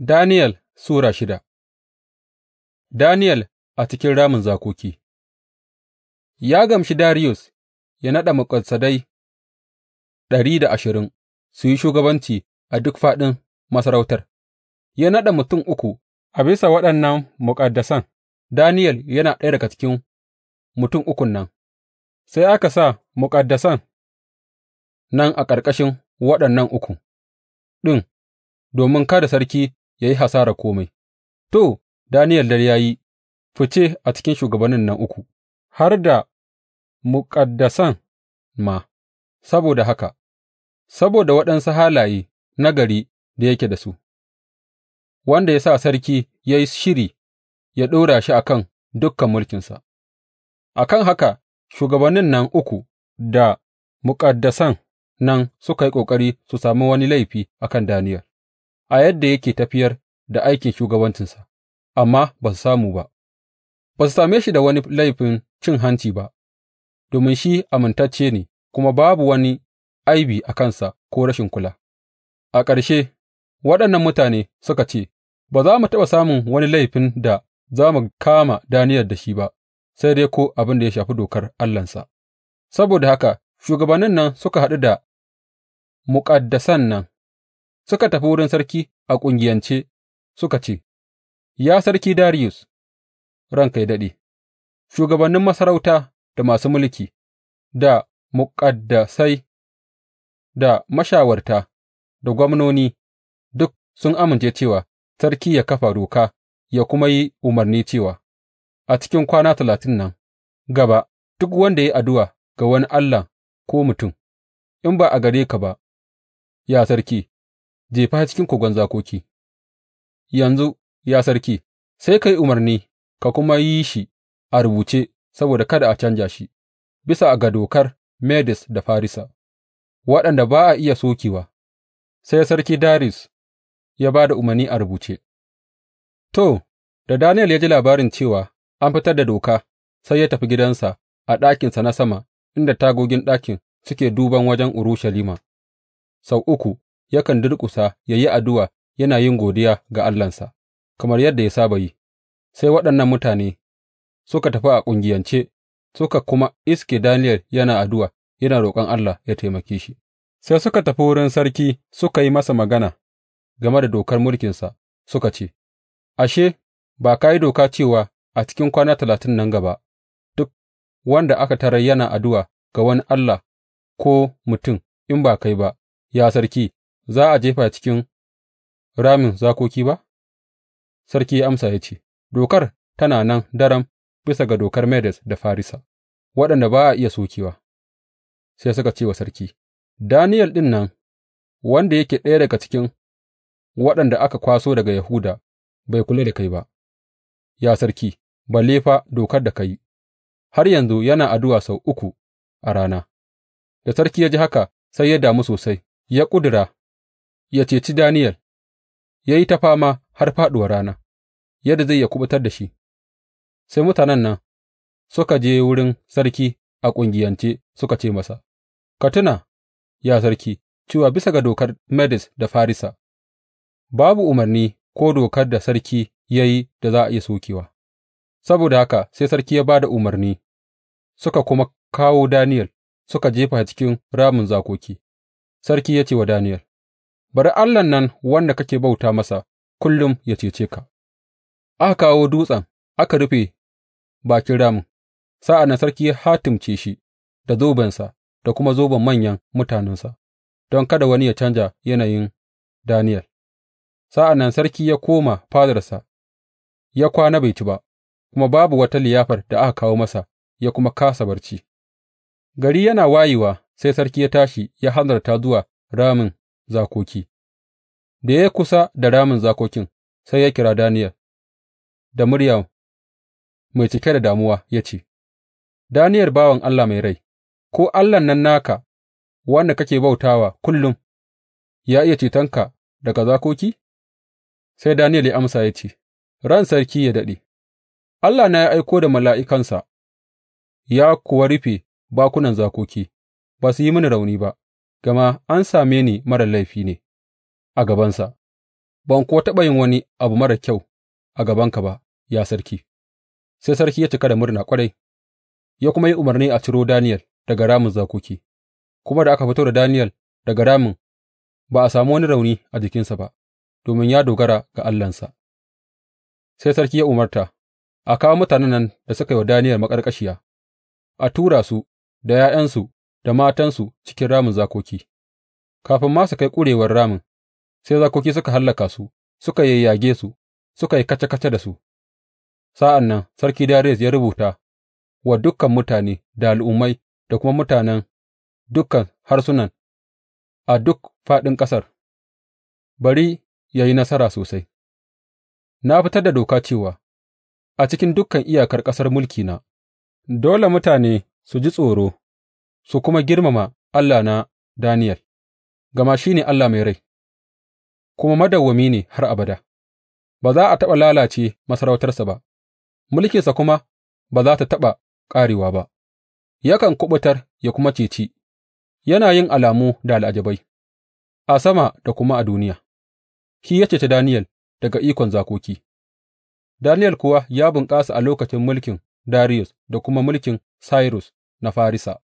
Daniyel Sura shida Daniyel a cikin ramin zakoki Ya gamshi Darius ya naɗa muƙasadai ɗari da ashirin su yi shugabanci a duk faɗin masarautar, ya naɗa mutum uku a bisa waɗannan muƙaddasan, Daniel yana ɗaya daga cikin mutum ukun nan, sai aka sa muƙaddasan nan a ƙarƙashin waɗannan uku. ɗin domin kada sarki ya yi hasarar kome, to, Daniyel dai ya yi fice a cikin shugabannin nan uku, har da muƙaddasan ma, saboda haka, saboda waɗansu halaye nagari da yake da su, wanda ya sa sarki ya yi shiri ya ɗora shi a kan dukan mulkinsa, a kan haka shugabannin nan uku da muƙaddasan nan suka yi ƙoƙari su sami wani laifi a kan Daniyel. a yadda yake tafiyar da aikin shugabancinsa, amma ba su samu ba, ba su same shi da wani laifin cin hanci ba, domin shi amintacce ne kuma babu wani aibi a kansa ko rashin kula. A ƙarshe, waɗannan mutane suka ce, Ba za mu taɓa samun wani laifin da za mu kama daniyar da shi ba, sai dai ko abin da ya shafi dokar Allahnsa. Saboda haka shugabannin nan suka haɗu da muƙaddasan nan. Suka tafi wurin sarki a ƙungiyance suka ce, Ya Sarki Dariyus, ranka yă daɗe, shugabannin masarauta da masu mulki, da muƙaddasai, da mashawarta, da gwamnoni, duk sun amince cewa sarki ya kafa doka ya kuma yi umarni cewa a cikin kwana talatin nan gaba duk wanda ya yi addu'a ga wani allah ko mutum, in ba a gare ka ba, ya sarki. jefa shi cikin kogon zakoki, yanzu, ya sarki, sai ka yi umarni ka kuma yi shi a rubuce saboda kada a canja shi, bisa ga dokar Medes da Farisa, waɗanda ba a iya sokewa, sai sarki Daris ya ba da umarni a rubuce. To, da daniel ya ji labarin cewa an fitar da doka, sai ya tafi gidansa a ɗakinsa na sama, inda tagogin ɗakin suke duban wajen Urushalima, sau uku yakan durƙusa ya yi addu'a yana yin godiya ga Allahnsa, kamar yadda ya saba yi, sai waɗannan mutane suka tafi a ƙungiyance suka kuma iske Daniyel yana addu'a yana roƙon Allah ya taimake shi, sai suka tafi wurin sarki suka yi masa magana game da dokar mulkinsa suka ce, Ashe, ba ka yi doka cewa a cikin kwana talatin nan gaba, duk wanda aka tarar yana addu'a ga wani Allah ko mutum in ba kai ba, ya sarki, za a jefa cikin ramin zakoki ba? Sarki ya amsa ya ce, Dokar tana nan daram bisa ga dokar Medes da Farisa, waɗanda ba a iya sokewa. Sai suka ce wa sarki, Daniyal ɗin nan, wanda yake ɗaya daga cikin waɗanda aka kwaso daga Yahuda, bai kula da kai ba, ya sarki, balle fa dokar da ka yi, har yanzu yana addu'a sau uku a rana. Da sarki ya ji haka sai ya damu sosai, ya ƙudura ya ceci Daniyel, ya yi ta fama har fāɗuwar rana, yadda zai iya kuɓutar da shi, sai mutanen nan suka je wurin sarki a ƙungiyance suka ce masa, Ka tuna, ya sarki, cewa bisa ga dokar Medes da Farisa, babu umarni ko dokar da sarki ya yi da za a iya sokewa, saboda haka sai sarki ya ba da umarni, suka kuma kawo Daniyel suka jefa cikin ramin zakoki. Sarki ya ce wa Daniyel, Bari Allahn nan wanda kake bauta masa kullum ya cece ka. Aka kawo dutsen aka rufe bakin ramin, sa'an nan sarki ya hatimce shi da zobensa da kuma zoben manyan mutanensa, don kada wani ya canja yanayin daniel Sa'an nan sarki ya koma fadarsa, ya kwana bai ci ba, kuma babu wata liyafar da aka kawo masa ya kuma kasa barci. Gari yana wayewa sai sarki ya tashi ya hanzarta zuwa ramin zakoki, da ya kusa da ramin zakokin, sai ya kira Daniyel da murya mai cike da damuwa ya ce, Daniyel bawan Allah mai rai, ko Allah nan naka wanda kake bautawa kullum, ya iya cetonka daga zakoki? Sai Daniyel ya amsa ya ce, Ran sarki ya daɗe, allah na ya aiko da mala'ikansa, ya kuwa rufe bakunan zakoki, ba su yi mini rauni ba, gama an same ni marar laifi ne. a gabansa, ban kuwa taɓa yin wani abu marar kyau a gabanka ba, ya sarki, sai sarki ya cika da murna ƙwarai, ya kuma yi umarni a ciro Daniyel daga ramin zakoki, kuma da aka fito da Daniyel daga ramin ba a sami wani rauni a jikinsa ba, domin ya dogara ga Allahnsa. Sai sarki ya umarta, a kawo mutanen nan da suka yi wa Daniyel maƙarƙashiya, a tura su da ’ya'yansu da matansu cikin ramin zakoki, kafin ma su kai ƙurewar ramin. sai zakoki suka hallaka su, suka yayyage su, suka yi kaca kaca da su. Sa'an nan Sarki Dariyus ya rubuta wa dukan mutane da al'ummai da kuma mutanen dukan harsunan a duk faɗin ƙasar, Bari ya yi nasara sosai, na fitar da doka cewa a cikin dukan iyakar ƙasar mulkina, dole mutane su ji tsoro su kuma girmama Allah na Daniyel, gama shi ne Allah mai rai. kuma madawwami ne har abada; ba za a taɓa lalace masarautarsa ba, mulkinsa kuma ba za ta taɓa ƙarewa ba, yakan kuɓutar ya kuma ceci, yana yin alamu da al'ajabai a sama da kuma a duniya, shi ya ceci Daniyel daga ikon zakoki, Daniyel kuwa ya bunƙasa a lokacin mulkin Darius da kuma mulkin Sairus na Farisa.